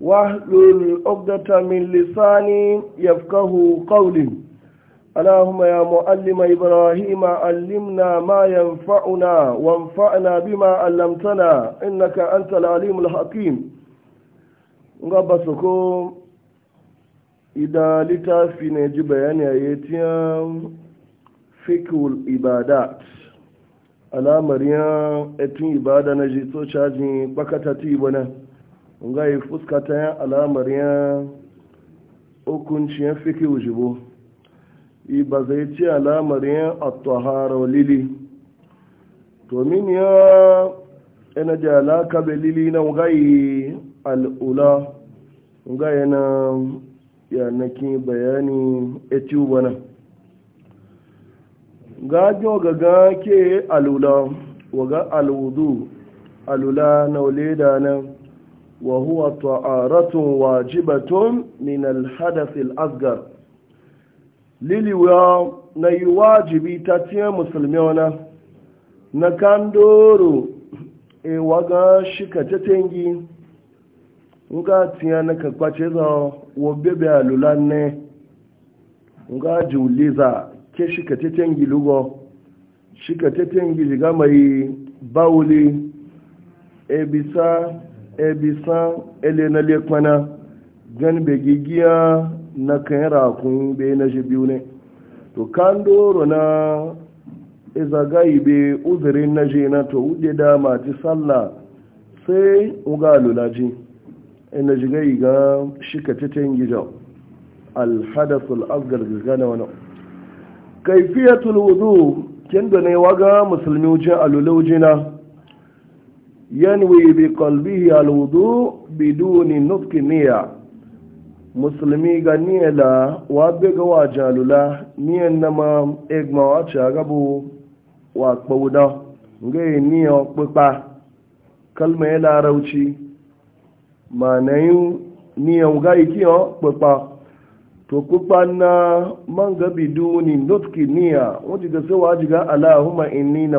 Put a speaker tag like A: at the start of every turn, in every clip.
A: واحلل عقدة من لساني يفقه قولي اللهم يا معلم إبراهيم علمنا ما ينفعنا وانفعنا بما علمتنا إنك أنت العليم الحكيم غبسكم إذا في جبيان يتيام فكه الإبادات alamar yan etin ibada na jito cajin bakata tibana nga yi fuskata ya alamar ya hukunci fiki wujibo yi ba zai ci alamar ya atuhara lili to ya yana da alaka lili na nga al'ula nga yana bayani etiyu bana gajo gaga ke alula waga alwudu alula na wale da nan وهو طهارته واجبة من الحدث الأصغر للي نيواجبي تاتيا مسلميونا nakandoro e waga shika tetengi nga tiyana ka kwacheza wobebe alulane nga jiuliza ke shika tetengi lugo shika tetengi ligamai bauli e bisa san ele na lekmana gan be gigiya na kan rakun be na shi biyu ne to kan doro na izagayi be uzurin na je na to wuɗe da mati sallah sai uga lulaji ina gai ga shika titin gijan alhadasul asgar gana wani kaifiyatul wudu kin da ne waga musulmi wuce a na. yanwi bi qalbihi alwudu biduni nutqi niyya musulmi ga niyya la wa be ga wa jalula niyya nama egma wa chagabu wa kpawda nge niyya kpapa kalma ya larauci na yi niyan ga iki yan kpapa to kpapa na man ga biduni nutqi niyya wọ́n ti ga sẹ́wọ́ inni na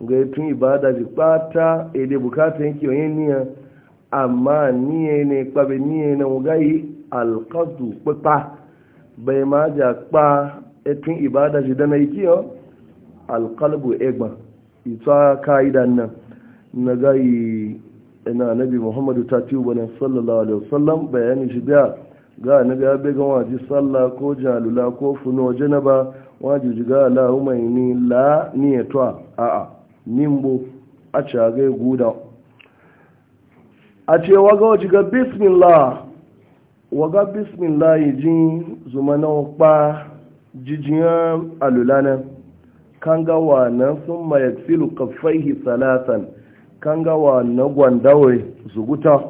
A: ga tun ibada ji kpata ede bukata yanki onye niya amma niye ne kpabe niye na wugayi alkazu kpata bai ma ja kpa etun ibada ji dana iki yo alkalbu egba ita ka'idan nan na gayi ina nabi muhammadu ta ci ubana sallallahu alaihi wasallam bayani shi biya ga nabi abe ga waji sallah ko jalula ko funo janaba waji ji ga la umaini la niyatwa a'a nimbo a cagai guda a ce waga ga bismillah waga bismillah yi jin zuma na wakpa jijiyar alulana kan gawa na sun mayaksilu kafaihi salatan kan gawa na gwandawai zuguta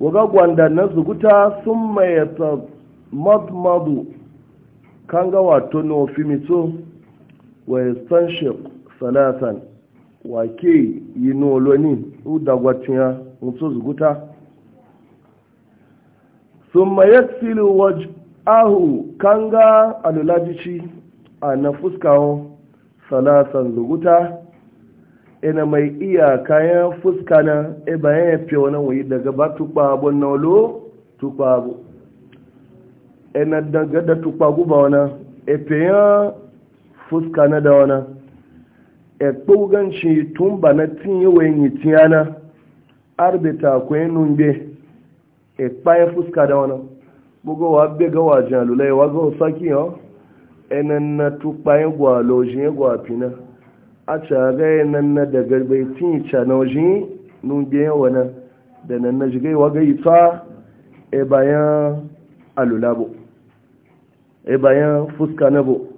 A: waga gwanda na zuguta sun mayata matmadu kan gawa tono fimito wa yastanshiku salasan ke yi noloni udagwatiya mutu zuguta summa yaksilu waj'ahu kanga alulajici a na fuskawo salasan zuguta ina mai iya kayan fuska na e bayan ya fi wani wuyi daga ba tukpa abu nolo tukpa abu ina daga da tukpa ba wana e fiye fuska na da wana ekpoganci tun ba na tinye wayin tiyana arbita kwaye nunge ekpayen fuska da wani gbogbo wa bega wa jalula ya wago saki yau enan na tukpayen gwa lojin ya gwa fina a caga enan na da garbai tinye canojin nunge ya wani da nan na jigai waga ita e bayan alulabo e bayan fuska na bo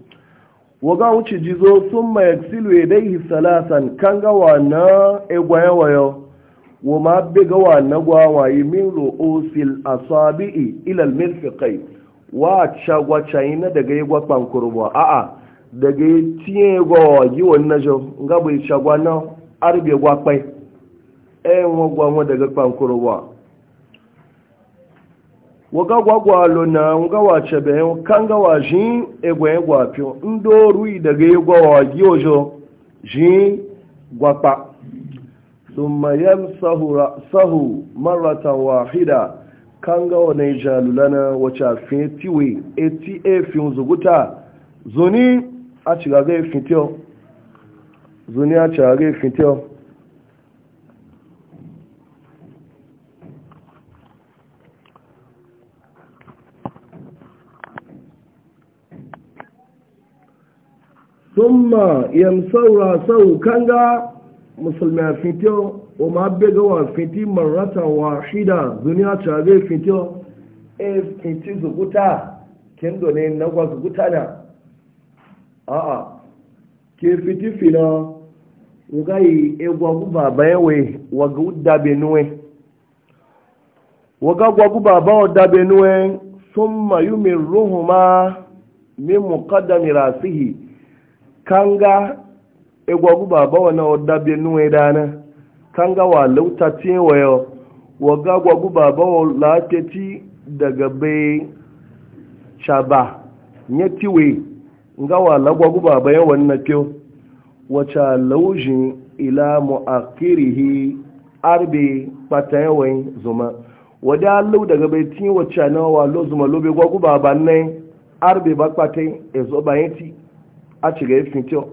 A: waga wuce jizo sun ma yaksilu yadaihi salasan kan gawa na egwaye wayo wa ma bi gawa na gwawaye min ru'usil asabi'i ila al-mirfiqai wa chagwa chaina daga yagwa a-a daga tiye gwa yi wannan jo ngabo chagwa na arbe gwa pai e ngwa ngwa daga pankurbo waga gwagwalo na nga chebe kanga wa jin egwe gwapyo e ndo rui idege egwa wa gyojo jin gwapa thumma yamsahu ra'sahu marratan wahida kanga wa naijalulana wacha tiwe eti efi zuguta zoni achigaga efitio zoni achigaga efitio summa thumma yamsaura sau kanga musulmi a fito o ma bega wa fiti marata wa shida duniya ta zai fito e fiti zuguta kin ne na kwa zuguta na a'a ke fiti fina ngai e gwa guba bayewe wa gudda benue wa ga gwa guba ba wadda benue thumma yumirruhuma min muqaddami rasihi kanga egwagu baba wana odabe nuwe dana kanga wa lauta tewayo waga gwagu bawa wa daga bai chaba nye tiwe nga wa lagwagu baba wannan kyau wacce laujin ila mu'akirihi arbe pata yawan zuma wadda allo daga bai tinye wacce na wa lo zuma lobe gwagu baba ne arbe ba pata ezo bayan ti a ci ga ifin kyau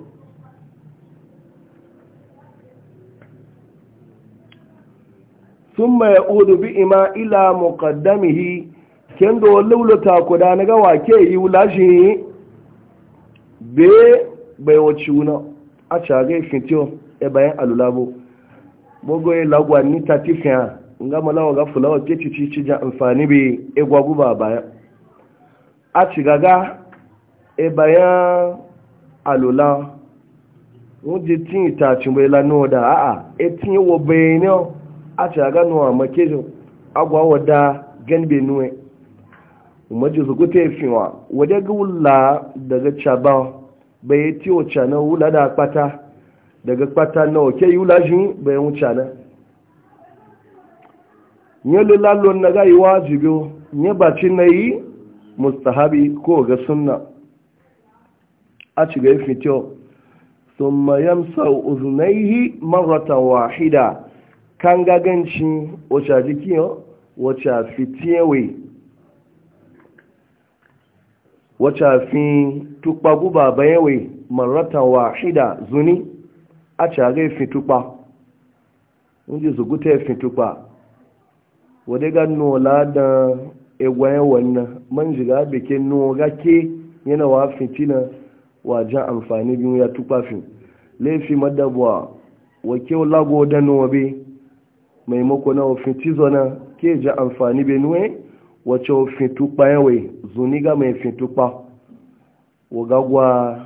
A: sun mai udu bi ima ila muqaddamihi kendo lulluta kuda na gawa ke yi wulashi be bai wace wuna a ci ga ifin kyau e bayan alulabo gbogbo ya lagwa ni ta tifiya nga malawa ga fulawa ke ci ci ci jan amfani bi egwagu ba bayan a ci e bayan alola wọ́n ti tí ìtàtùmọ̀ ìlànà ọ̀dà àà etí wọ bẹ̀rẹ̀ náà àti àgánà àmọ́kéjọ agwọ̀ àwọ̀dá gẹ́nbẹ̀ nú ẹ̀ umarci su kute fiwa daga chaba bai ti wuce chana wula daga kpata na oke yi wula shi bai wuce nye na yi nye na yi a ci gai fito sun mayan sau uzunaihi maratan wahida kan gaganci wacce jiki wacce fitiyewe wacce fi tukpa guba bayanwe maratan wahida zuni a ci tukpa fitukpa wunji zugute fitukpa wadai ga nola da egwayen wannan man jiga bikin noga ke yana wa fitina wa ja amfani biyu ya tufafin laifi madabuwa wa kyau lago da nobe maimako na ofin tizo ke ja amfani benue wace ofin tukpa yawai zuniga mai fin tukpa gagwa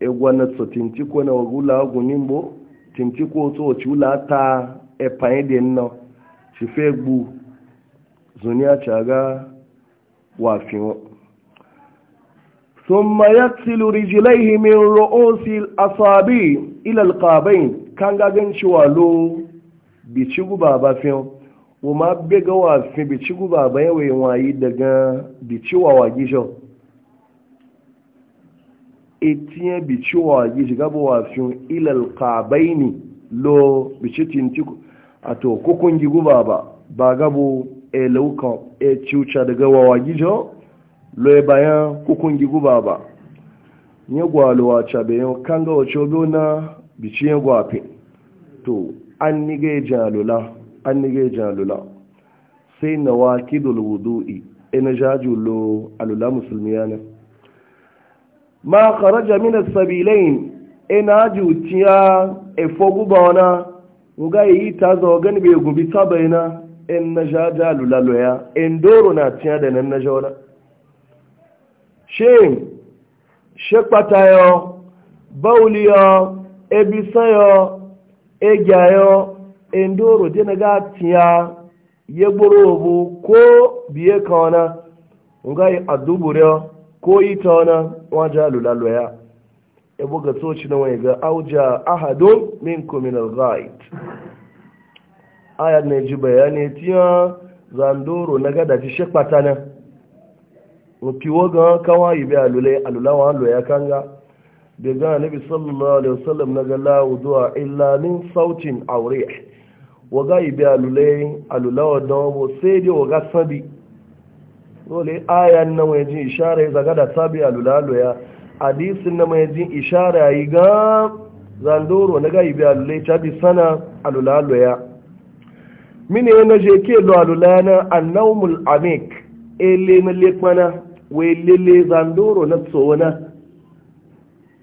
A: egwa na tso tintiko na wagula agunimbo tintiko to wace wula ta epaye de nna ci fe gbu zuniya caga wafin ثم يغسل رجليه من رؤوس الأصابع إلى القابين كان غاغن شوالو بيشيغو بابا فين وما بيغوا في بيشيغو بابا يوي واي دغا بيشوا واجيشو etiye bichiwa ji shiga buwa fiye ilal kabaini lo bichitin tiku a to kukun gi guba ba ba gabo e lauka e ciuca daga wawa gijo loye bayan kukungi guba ba nye gwaluwa cabe kanga kan na bici ya gwafe to an nige jalula an nige jalula sai na waki dulwudu'i ina jajulo alula musulmi yana ma kharaja min as-sabilain ina e jutiya efo guba wana nga yi ta zo gani be gubi sabaina in na jajalula loya in doro na tiya da nan na ya, shame ya, bauliyo ebisayo egyayo endoro denaga tiya yegboro obu ko biye kawana ngai adubure ko ita wana waja lulalo ya ebo ga soci na wani ga auja ahadun minkum min al-ghaib ayat ne ji bayani tiya zandoro na gada ji na. opiwo ga kawa bi alule alulawa lo ya kanga da daga nabi sallallahu alaihi wasallam na ga la wudu'a illa min sautin aw rih yi bi alule alulawa don bo sai dai waga sabi dole ayan na mai jin ishara zaga da sabi alula lo ya hadisin na mai jin ishara yi ga zandoro na ga yi bi alule ta bi sana alula lo ya mine na je ke lo alula na annawmul amik ele na lekmana wai lele zandoro na tsohona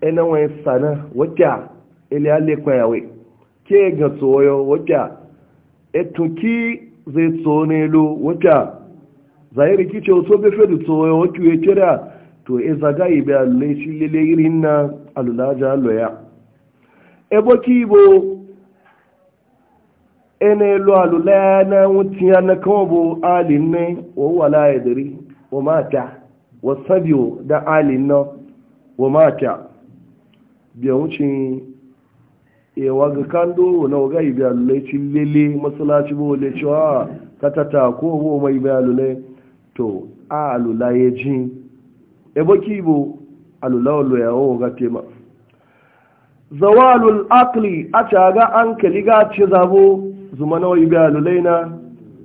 A: ina wani sana wakya ile ale we ke ga tsoyo wakya etuki zai tsone lo wakya zahiri kice wato bai fi tsoyo wakya ya kira to e ibe alle shi lele irin na alulaja loya ebo kibo ene lo alulaya na wuciya na kawo bo alin ne wa wala ya dare wa mata wasabiyo da alin nan wa mata biya wucin ewa ga kando na waga ibi alulaici lele masalaci bo le cewa katata ko wo mai ibi alulai to a alula ya ji ebo kibo alula wa ya wo ga tema zawalul akli a caga an kaliga ce zabo zuma na wa ibi alulai na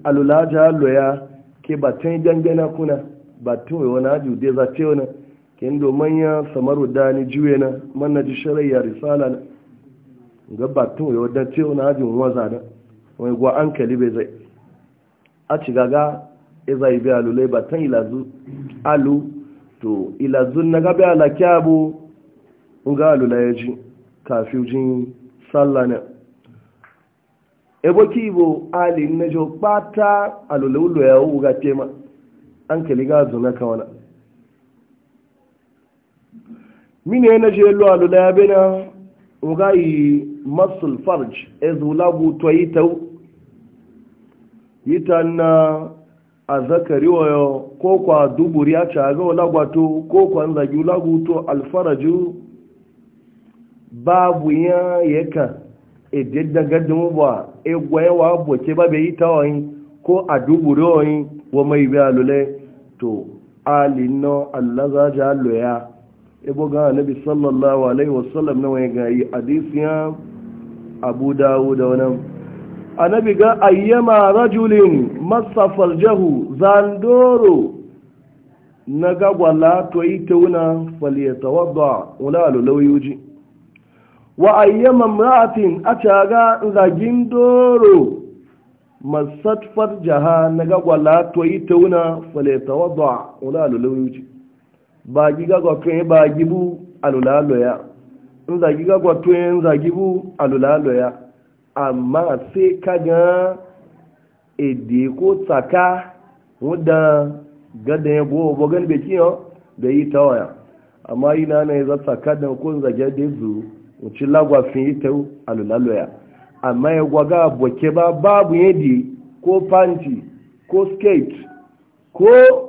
A: alula ja loya ke batan dangana kuna batun tuwe wani aji dai za ce wani kin do manya samaru dani juye na manna na ji sharayya risala na ga batun tuwe wadda ce wani aji waza na wani gwa an kalibe zai a ci gaga iza e ibe alulai ba tan ilazu alu to ilazu na gabe alakya bu ga alulai ya ji kafin jin sallah na ebo kibo ali na jo pata alulai ulo ya wuga tema an kali ga zuna ka wani mini na je lo alu da yabe na nga yi masul farj e to yi tau yi ta na a wayo ko kwa duburi a ci wala ko kwa zagi wala to alfaraju babu ya yaka e dedda gaddin e ba e gwaye wa bote ba bai yi tawayin ko a dubu royin wa mai biya lule to alino allah za ja loya ibo ga nabi sallallahu alaihi wasallam na wani gayi hadisiyan abu dawo da wani annabi ga ayyama rajulin masafar jahu zandoro na gagwala to yi ta wuna faliyata wadda wula lulauyoji wa ayyama mra'atin a caga zagin doro masat farjaha na gagwala to yi ta wuna faleta wadda wula alulawi wuce ba gi gagwa tun ba gibu alulaloya in zagi gagwa tun zagi bu alulaloya amma sai kaga ede ko tsaka wadda gada ya bo bo gan be kiyo da yi ta waya amma na yi za tsaka da ko zage da zu mu ci lagwa fin yi ta alulaloya amma ya gwaga boke ba babu yadi ko panti ko skate ko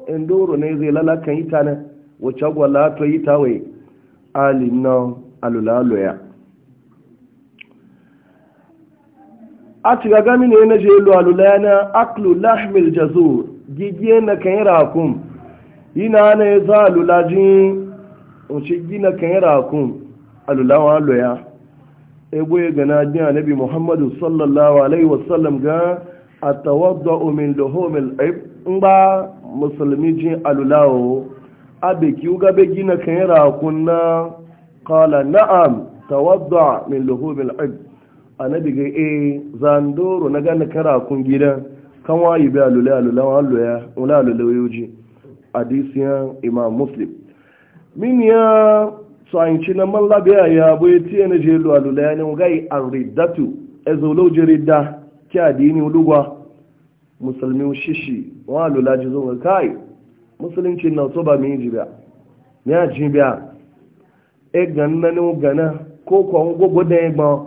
A: endoro ne zai lalakan yi na wacce gwala to yi tawai alin nan alulaloya a ciga mini yana na jelu alulaya na aklu lahmil jazo gigi na kan yi rakun yana na ya za alulajin wuce gina kan yi rakun alulawa loya ebo ya gana a nabi muhammadu sallallahu alaihi wasallam ga a tawadda omen da homel in ba musulmi jin alulawo abe ki uga be gina kan rakunna kala na'am tawadda min lahomil aib nabi ga e zandoro na gana kan rakun gida kan wayi bi alulawo alulawo alulawo alulawo alulawo yuji imam muslim min ya so an ci na man labiya ya bu ya tiye na jelu a lula yanin gai an riddatu e a zoloji ridda ki adini lugwa musulmi shishi wa lula ji zo kai musulunci na so ba mi ji biya mi a ji biya e ganna ni gana ko kwa gogo da ya gba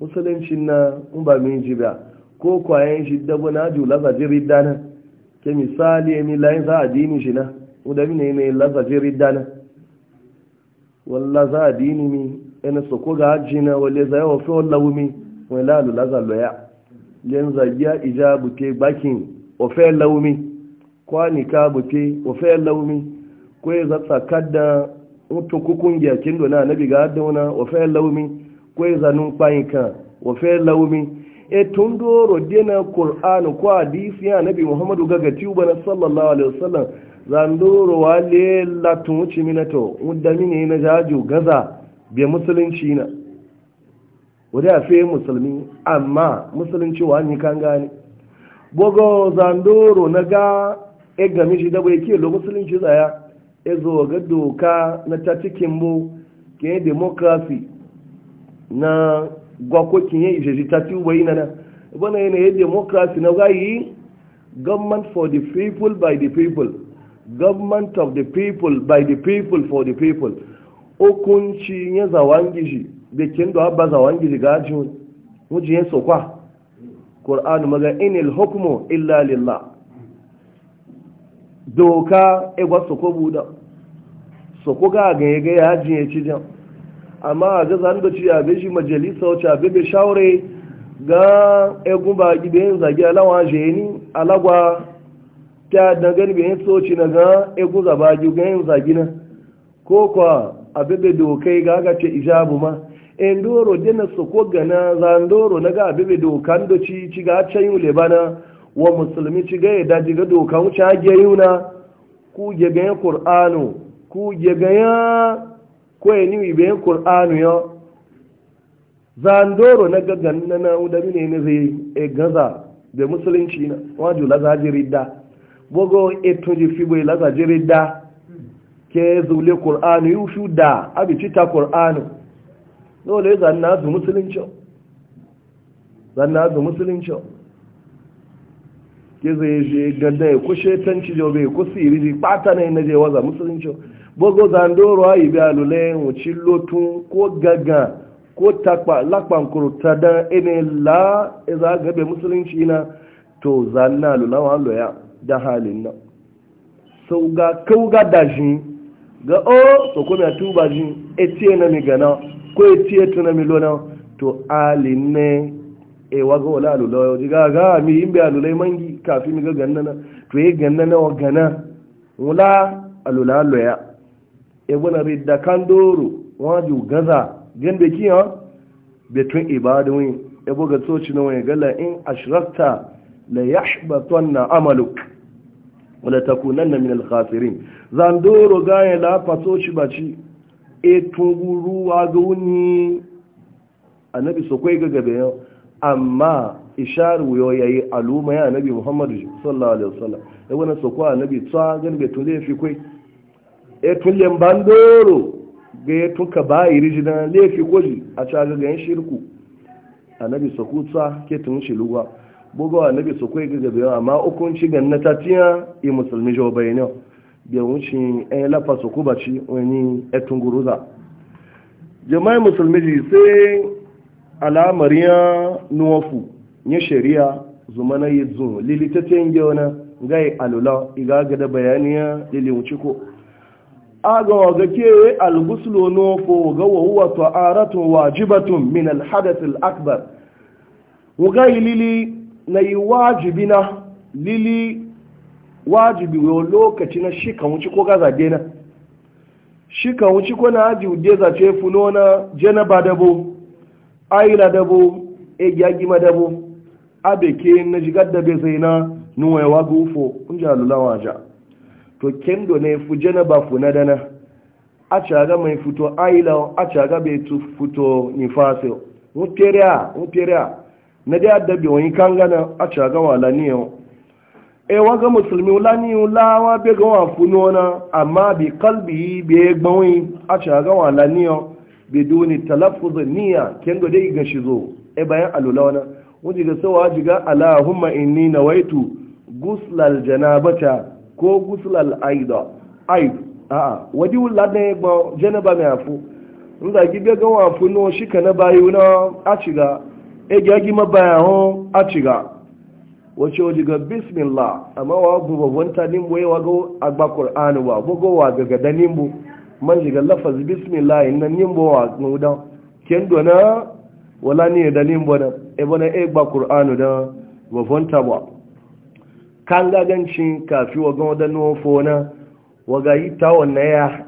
A: musulunci na n ba mi ji biya ko kwa yan shi dabo na ji lasa ji ridda na ke misali emi layin za a adini shi na udami ne ne lasa ji ridda na walla za a dini mi ina so ko ga hajji na wale za yi fi walla wumi wani lalu laza loya len zagiya ija bute bakin ofe laumi kwani ka buke ofe laumi ko ya zatsa kadda mutu kukun gyakin dona na biga dauna ofe laumi ko ya zanun kwayin ka ofe laumi e tun doro dina qur'an ko hadisi ya nabi muhammadu gaga tiuba bana sallallahu alaihi wasallam zandoro wale la wuce minato wadda mini na jaju gaza bai musulunci na wadda ya fi musulmi amma musulunci wa ni kan gani bogo zandoro na ga e gami shi da bai ke lo musulunci tsaya e zo ga doka na ta cikin mu ke demokrasi na gwakokin ya ishe ta ci ubayi na na bana yanayi demokrasi na gayi government for the people by the people government of the people by the people for the people hukunci ya zawangiji da kin da ba zawangiji gajin mujin sokwa qur'an maga inil hukmu illa lillah doka e ba soko buda soko ga ga ga ya ji amma ga zan da ci ya be majalisa wace abe be shawre ga egun ba gibe zage alawa jeni alagwa ta dangane garbi yin soci na ga egu zaba ju ga yin zagina ko kwa abebe dokai ga aka ce ijabu ma endoro dena ko gana doro na ga abebe dokan da ci ci ga can yi lebana wa musulmi ci ga yadda ji ga dokan wuce yi yuna ku je ga yin kur'anu ku je ga ya ko yin yi ya za ya doro na ga gana na udami ne ne zai e gaza da musulunci na wajula zajiri da gbogbo ètò ji fi bai laza jiri da ke zule ƙor'anu yi ushu da abicita ƙor'anu dole zanna zu musulunci ke zai e je ya e kushe tanci jobe ko siri ji ɓata na na je waza musulunci bogo zandoro ayi bi alule wuci lotun ko gaga ko takpa lakpankuru da ene la iza gabe musulunci na to zanna lulawa da halin nan sau ga kauga da shi ga o so kuma tuba shi etiye na mi gana ko etiye na mi lona to halin ne e waga wala alula yau diga ga mi yin bi alulai mangi kafin mi ga na to yi na wa gana wula alula loya e wani da kan doro waju gaza gan da kiyan betun ibadun yin e buga tsoci na wani gala in ashrakta la yahbatanna amaluka wala takunanna min al-khasirin zandoro gaya da faso shi baci e tunguru wa ga wuni annabi so kai ga gabe amma isharu yo yayi aluma ya nabi Muhammad sallallahu alaihi wasallam e wannan so kwa nabi tsa gan be tunle fi kai e tunle doro ga ya tuka bayi rijina lefi koji a caga ga yin shirku annabi so kutsa ke tun shi luwa bugu nabi su kai gaga biyo amma hukunci na tatiya i musulmi jo bayino bi wuci en lafa su kuba ci wani etunguruza jama'i musulmi ji sai alamariya nuwafu ya shari'a na yi zun lilitatin gyona gai alula iga gada bayaniya lili wuci ko aga waga ke alguslu nuwafu ga wahuwa ta'aratun wajibatun min alhadath al-akbar wuga lili na yi wajibi na lili wajibi wa lokaci na shika wuci ko gaza dena shi kan ko na aji ude za ce funo na janaba dabo aila dabo egyagi madabo abeke na jigar da bai sai na nuwa ya waga ufo kun ji alulawa ja to kendo ne fu janaba funa dana a aga mai fito aila a aga bai fito nifasil muteriya a. na dai adabi wani kan gana a caga wala ni yau e waga musulmi wala ni wala bai be ga wa amma bi kalbi be gbawi a caga wala ni yau duni talaffuz niyya ken go dai ga shi zo e bayan alulawana wani ga sawa jiga allahumma inni waitu guslal janabata ko guslal aida a a wadi wala ne gbo janaba mai afu nda gibe gawa wa shi ka na na a ciga ege agi mabaya hon a ciga wace waje ga bismillah amma wa bu babban ta nimbo yawa ga agba qur'ani ba bugo wa ga ga nimbo man shiga lafaz bismillah inna nimbo wa nuda ken dona wala ni da nimbo da e bona e gba qur'ani da babban ta ba kan ga gancin kafi wa ga wadan na wa ga yi ta wanne ya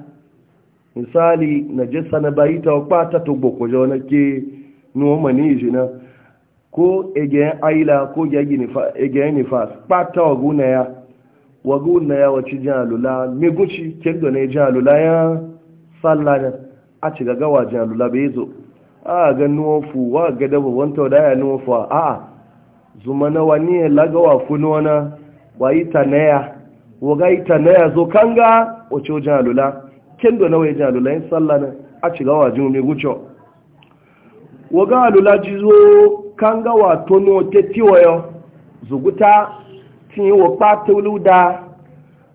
A: misali najasa na bayi ta kwa ta tugbo ko jona ke nuwa mani shi na ko egeyen aila ko egeyen nifas pata waguna ya waguna ya wace jan alula meguci kendo na jan alula ya tsalla na a ci gagawa jan alula bai zo a ga nuwofu wa ga daba wanta wada ya nuwofu a a zuma na wani ya lagawa na wa yi tanaya na ya waga yi tanaya na ya zo kanga wace jan alula kendo na waje jan alula ya tsalla na a ci gawa jan guco. waga alula jizo kanga wa tono te tiwayo zuguta tin wa pata uluda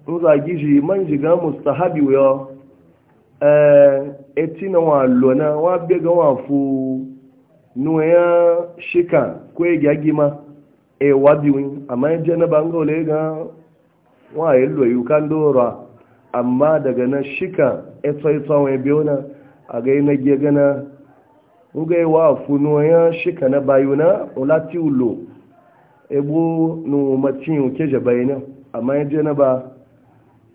A: nza giji man jiga mustahabi yo eh etina wa lona wa bega wa fu nuya shika ko gagima e wabiwin amma jana bangole ga wa yello yukan dora amma daga na shika e tsaitsawai biyo na a ga yi na gana ugai wa funoya shika na bayuna olati ulo ebu no macin keje bayina amma yaje na ba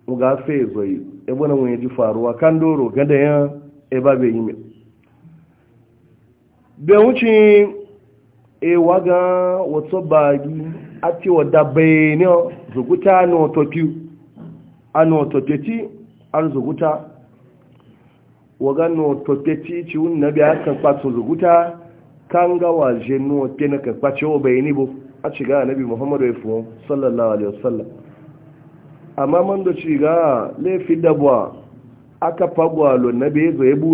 A: uga fe zoyi ebu na wani ji faruwa kan doro gada ya e ba yi yime be wuci e waga wato bagi ati wada bayina zuguta no totiu ano toteti an zuguta wagano toteti ci un nabi akan kwatso zuguta kan gawa jenu te na kan kwace o bayani bu a ci ga nabi muhammadu ya fuwa sallallahu alaihi wasallam amma man do ci ga laifi dabwa aka pagwa lo nabi zo ya bu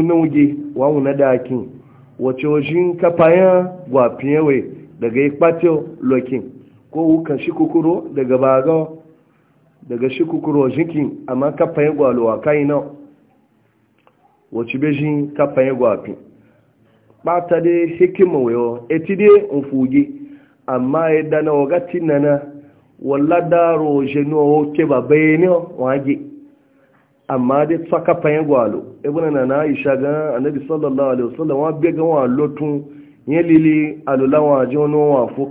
A: wa un na dakin wace paya gwa gwafiyewe daga ya kwace lokin ko wukan shi kukuro daga baga daga shi kukuro jinkin amma kafaya gwalowa kai na wacce bejin kafan ya gwafi ɓata dai hikima wayo eti amma ịda e na wagati na na walla daro jeno ke ba bayani wage amma dai kapa fanya gwalo ibn e na na aisha gan annabi sallallahu alaihi wasallam wa be ga walo tun lili alula gwalo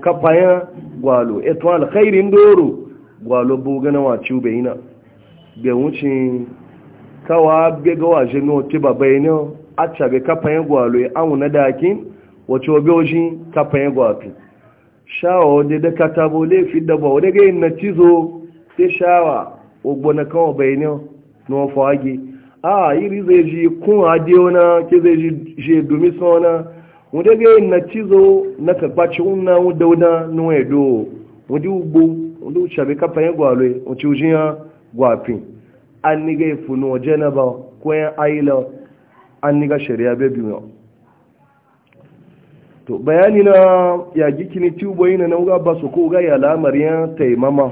A: gwalo kawa bega waje no ti babai ne a cabe kafa yin gwalo ya e, amu na dakin wace obi oji kafa yin shawa da da katabo laifi da ba wadda ga yin na cizo sai shawa ogbo na kawo bai ne na wafa agi a zai ji kun hadi wana ke zai ji je domi sona wadda ga yin na cizo na kakpaci unna wadda wadda nwa edo wadda ugbo wadda cabe kafa yin gwalo ya wace oji ya gwafin an ni ga ifunu janaba jenaba kwayan ayila an ni ga shari'a be biyu to bayani na ya gikini tubo yi na nauga basu ko koga ya lamar yan taimama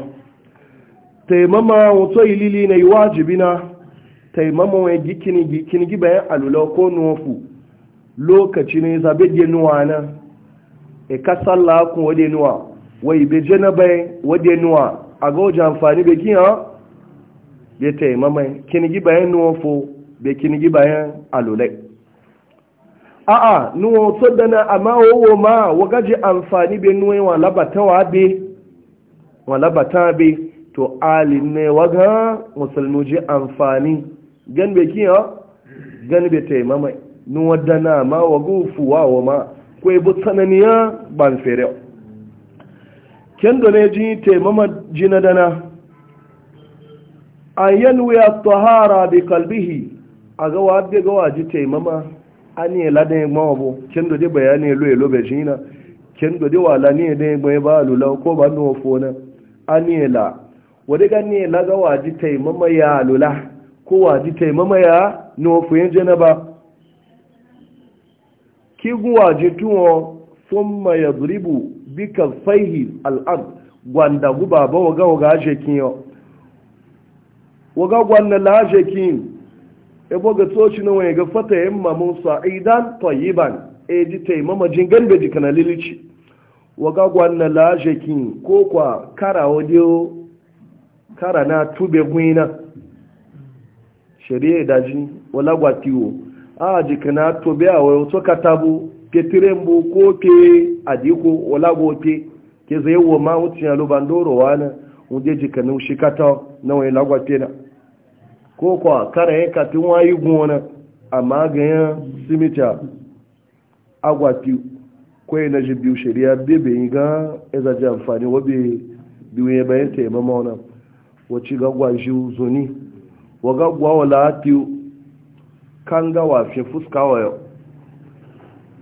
A: taimama wato ilili na yi wajibi na taimama wa gikini gikini gi bayan alula ko nufu lokaci ne zabe genuwa na e ka sallah kun wade nuwa wai be janaba wade nuwa a ga wajen amfani be kiyan bai taimamai kinigi bayan nuwafo bai kinigi bayan alulai a'a nuwa sodana amma wowo ma wagaji amfani bai nuwa wa labata wa be wa to alin ne waga musulmuji amfani gan bai kiyo gan bai taimamai nuwa dana ma wago fuwa wa ma kwai bu tsananiya ban fere kendo ne ji taimama jina dana an yalwiya tahara bi kalbihi a ga wa ga ji taimama an la ladan igba abu kin de bayani lo elo be jina kin de wala ni da igba ba lula ko ba no fona an yi la wode ga ni la ga ji taimama ya lula ko wa ji taimama ya no fuyin ba ki guwa ji tuwo thumma yadribu bi kaffaihi al-ard gwanda gu ba waga ga je waga gwanna laje kin ebo ga tsoci na wani ga fata yin mamun sa'idan tayyiban e ji taimama jingan da jikana lilici waga gwanna laje kin ko kwa kara wadiyo kara na tube gwina shari'a daji wala gwatiwo a jikana tobe a wayo to katabu ke tirembu ko ke adiko wala gote ke zai wo ma wucin alubandoro wana wunde jikana shikata na wani lagwatena ko kwa kara ya katin wayi gona amma ganyen simita agwati kwaye na ji biyu shari'a bebe yi ga ezaji amfani wabe biyu ya bayan ta yaba mauna wacce gagwa ji zoni wa gagwa wa lati kan gawa fi fuska wa yau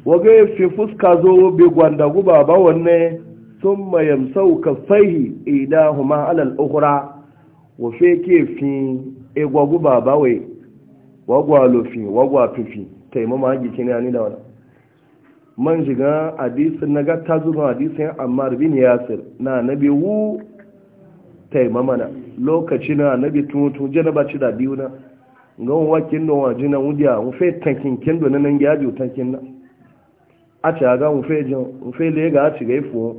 A: waga fi fuska zo be gwanda guba ba wanne sun mayamsau ka fahi idahuma alal ukura wa ke fi egwagu baba we wagwa lofi wagwa fifi taimama giki ne ani da wani man shiga hadisin na gata zuwa hadisin ammar ya yasir na nabi wu taimama na lokaci na nabi tutu janaba ci da biyu na gawon wakin da waje na wudiya wufe tankin kendo na nan yaji tankin na a ci aga wufe jin wufe lega a ci ga ifo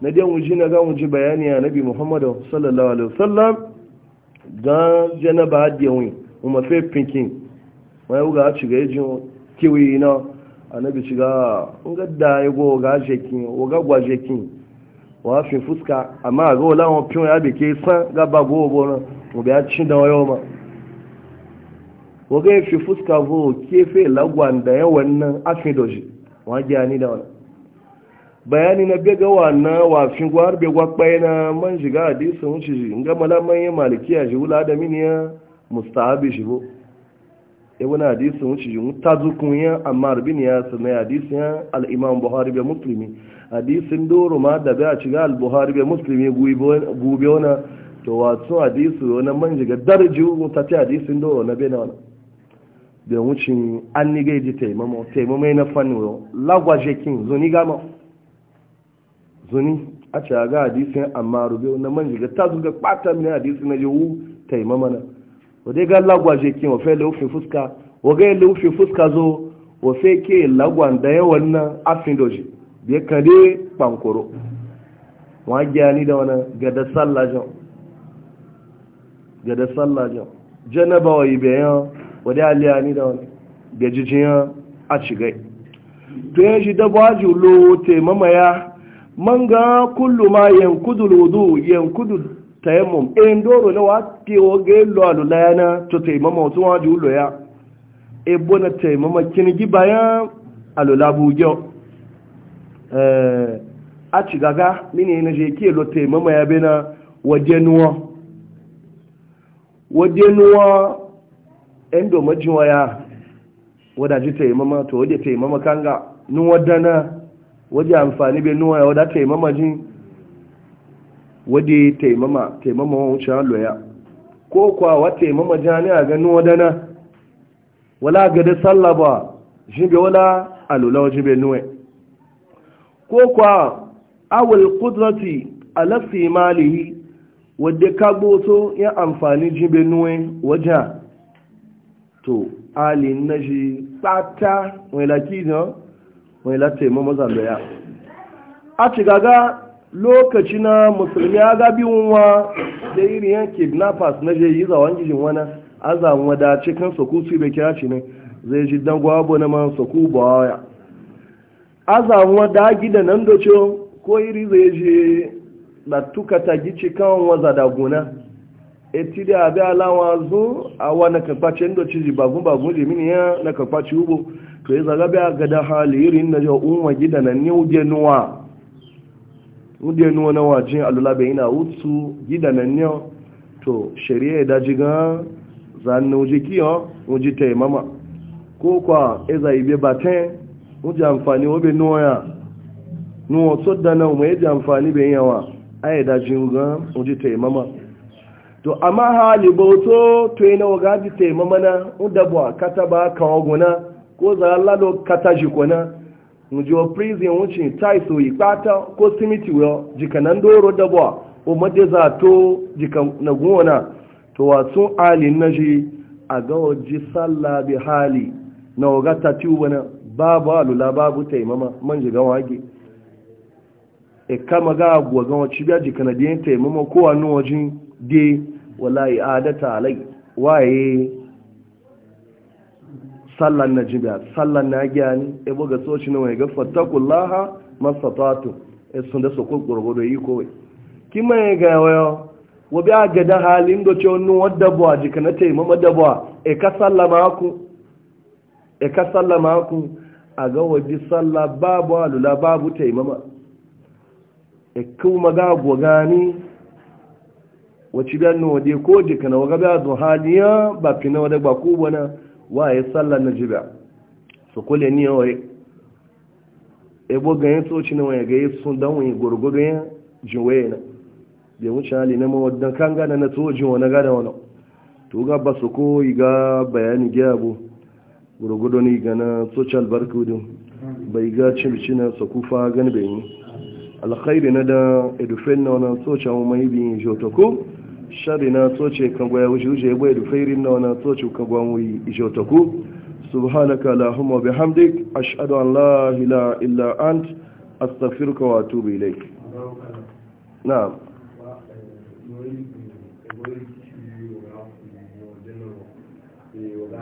A: na dai wuji na ga wuji bayani a muhammadu sallallahu alaihi wasallam b'a gan janaba adiyawin kuma fe pinkin wani wuga shiga yajin kiwi na anabi shiga nga da ya go ga jekin o ga gwa jekin wa fi fuska amma ga wala won pion ya beke san ga ba go bo na mo biya cin da wayo ma o ga fi fuska vo ke fe lagwan da ya wannan afi doji wa ga ni da wannan bayani na bega wana wafin gwar be gwakpai na man shiga hadisi nga malaman ya malikiya shi wula da miniya mustahabi shi bo e wani hadisi mun shi mutazukun ya ammar bin ya sana hadisi ya al-imam buhari be muslimi hadisin doro ma da ba shiga al-buhari be gube to hadisi wani man shiga hadisin doro na na zuni a ce ga hadisin amma rube na man jiga ta zuga kpata mini hadisi na jiwu ta yi mamana wadai ga lagwa je kin wafe laufin fuska waga yi laufin fuska zo wafe ke lagwan da yawan nan afin doji bai kade pankoro wa gyani da wani gada sallah jan gada sallah jan janaba wa yi bayan wadai aliyani da wani gajijiyan a cigai to yanzu dabo aji lo te mamaya man ga kullu ma yankudu wudu yankudu tayammum en doro na wati o ge lo alu la yana to taimama otu wa ju lo ya e bona taimama kin gi baya alu la bu jo eh a ci gaga mini ne je ki lo taimama ya bena wajenuwa wajenuwa en do majiwa ya wadaji taimama to wade taimama kanga nuwa dana waje amfani bai nuwa ya wada taimama jin waje taimama taimama wucin loya ko kwa wa taimama jani a ga nuwa dana wala ga sallaba sallah ba jin wala alula waje bai nuwa ko kwa awul kudrati alafi malihi wadda kagboto ya amfani jin bai nuwa wajen to alin na shi tsata wani zan. jan wani latte ma mazambaya a ci gaga lokaci na musulmi ya ga biyunwa da iriyan kidnappers na je yi zawon gijin wani azan wadace kan soku su bai kira shi ne zai ji dan gwabo na man soku baya azan wada gida nan da ce ko iri zai ji da tuka ta gici kan waza da guna eti da abi alawa zo a wani kakpace ndo ji bagun bagun limini ya na kakpace ubo to yi zaga biya ga da irin na jau unwa gida na ni uje nuwa uje nuwa na wajen alulabe ina utsu gida na ni to shari'a ya daji ga zanen uje kiyo uje ta yi mama ko kwa eza ibe batin uje amfani obe nuwa ya nuwa tsodda na umar eji amfani bayan yawa a yi daji ga uje ta yi mama to amma hali bauto to yi na wagaji ta yi mama na udabwa kata ba kan oguna ko za lalo kata jikona njo prison wuce tai so ipata ko simiti wo jikanan doro dabwa o made za to jikan na gona to wasu alin naji a ga waje sallah bi hali na waga ta tubana babu alula babu taimama man jiga wage e kama ga agwa ga jika na jikanan da taimama ko wani wajen dai wallahi adata alai waye sallan na jibiya sallan na gyani e boga soci na wani gafa takullaha masatatu e sun da su kurkurgudu yi kowai ki ya ga wayo wa bi a gada halin da ce wani wadda buwa jika na taimama da buwa e ka salla maku e ka ku a ga waje salla babu alula babu taimama e kuma ga gani wacce biyan na waje ko jika na waga biya zuhaniya ba fina wadda ba ku bana wa ya sallar na jiba su kule ni yawai ebo ganyen tsoci na wani gaye sun dan wani gurgu ganyen na bai wuce hali na mawaddan kan gada na tsoji na gada wani to ga ba ga bayani ni ga na tsoci albarka wudin bai ga cimici na su gani bai yi na da na shari na toce kan gwaya wuce wuce ya bai da fairin na wani toce kan gwan wuyi ishe otaku subhanaka lahumma bihamdik ashhadu an la ilaha illa ant astaghfiruka wa tubi ilayk na'am